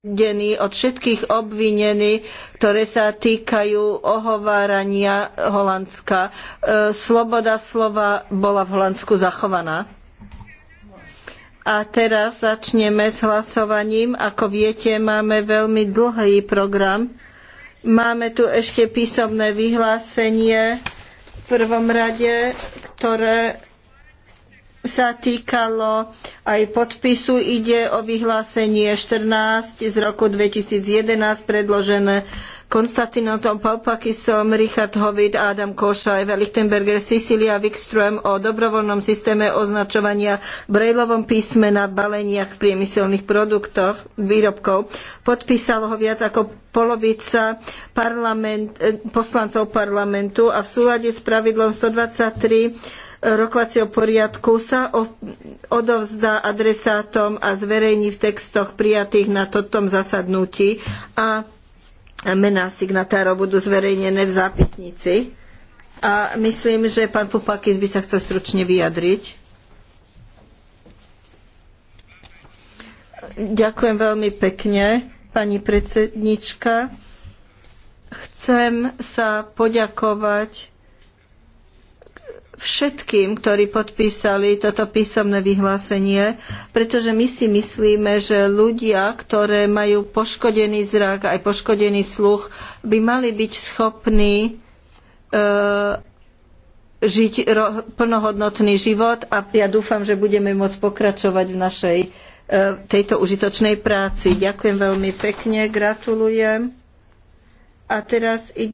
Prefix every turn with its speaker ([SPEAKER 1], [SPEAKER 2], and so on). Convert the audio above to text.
[SPEAKER 1] oslobodení od všetkých obvinení, ktoré sa týkajú ohovárania Holandska. E, sloboda slova bola v Holandsku zachovaná. A teraz začneme s hlasovaním. Ako viete, máme veľmi dlhý program. Máme tu ešte písomné vyhlásenie v prvom rade, ktoré sa týkalo aj podpisu. Ide o vyhlásenie 14 z roku 2011 predložené Konstantinom Paupakisom, Richard Hovid, Adam Koša, Eva Lichtenberger, Cecilia Wikström o dobrovoľnom systéme označovania brejlovom písme na baleniach priemyselných produktoch, výrobkov. Podpísalo ho viac ako polovica parlament, eh, poslancov parlamentu a v súlade s pravidlom 123 rokovacieho poriadku sa odovzdá adresátom a zverejní v textoch prijatých na toto zasadnutí a mená signatárov budú zverejnené v zápisnici. A myslím, že pán Popakis by sa chcel stručne vyjadriť. Ďakujem veľmi pekne, pani predsednička. Chcem sa poďakovať všetkým, ktorí podpísali toto písomné vyhlásenie, pretože my si myslíme, že ľudia, ktoré majú poškodený zrak, aj poškodený sluch, by mali byť schopní e, žiť plnohodnotný život a ja dúfam, že budeme môcť pokračovať v našej e, tejto užitočnej práci. Ďakujem veľmi pekne, gratulujem. A teraz